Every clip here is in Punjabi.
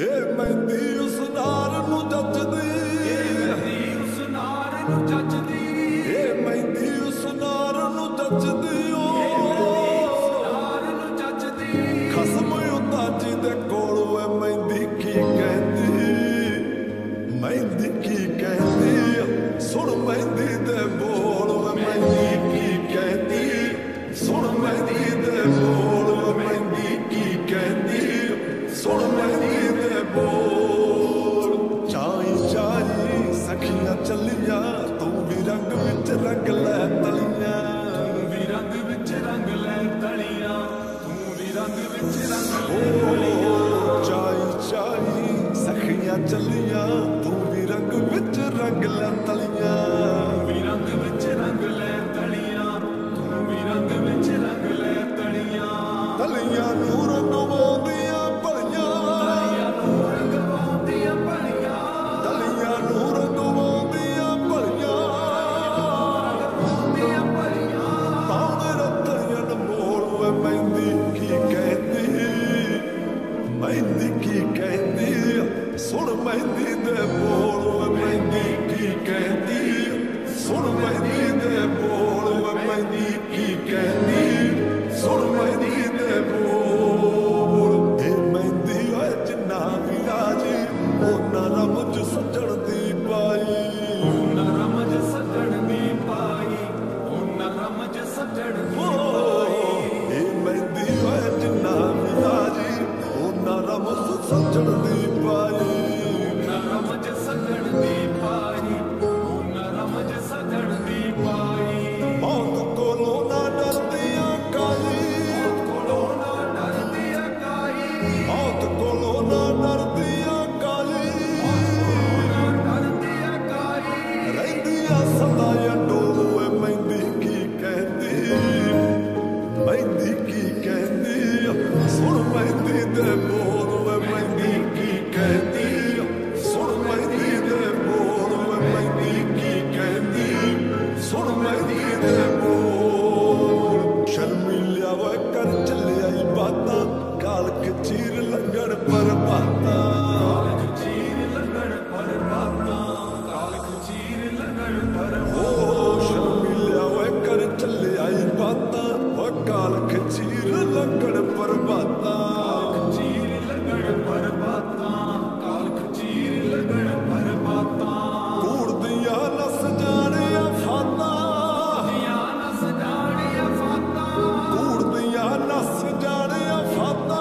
ਏ ਮਹਿੰਦੀ ਉਸ ਨਾਰ ਨੂੰ ਜੱਜਦੀ ਏ ਮਹਿੰਦੀ ਉਸ ਉਸ ਨਾਰ ਨੂੰ ਜੱਜਦੀ ਓ ਨਾਰ ਨੂੰ ਜੱਜਦੀ ਖਸਮ ਉਤਾਜੀ ਦੇ ਕੋਲ ਏ ਮਹਿੰਦੀ ਕੀ ਕਹਿੰਦੀ ਮਹਿੰਦੀ ਕੀ ਕਹਿੰਦੀ ਸੁਣ ਮਹਿੰਦੀ ਦੇ ਬੋਲ ਚੱਲੀਆਂ ਤੂੰ ਵੀ ਰੰਗ ਵਿੱਚ ਰੰਗ ਲੈ ਤਲੀ ਸੱਜਣ ਇਹ ਜੀ ਦੀ ਪਾਈ ਲੰਗੜ ਪਰਬਾਤਾ ਲੰਗੜ ਪਰਬਾਤਾ ਲੰਗੜ ਪਰਬਾਤਾ ਨਸ ਜਾਣਿਆ ਫਾਤਾ ਨਸ ਜਾਣਿਆ ਫਾਤਾ ਨਸ ਜਾਣਿਆ ਫਾਤਾ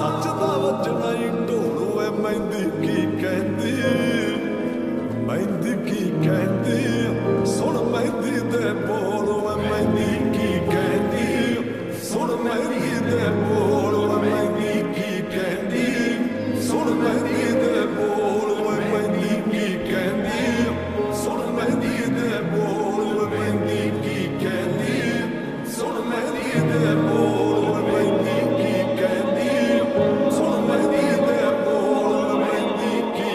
ਸੱਚ ਦਾ ਕੀ ਕਹਿੰਦੀ ਮਹਿੰਦੀ ਕੀ ਕਹਿੰਦੀ ਸੁਣ ਮਹਿੰਦੀ ਦੇ ਬੋਲ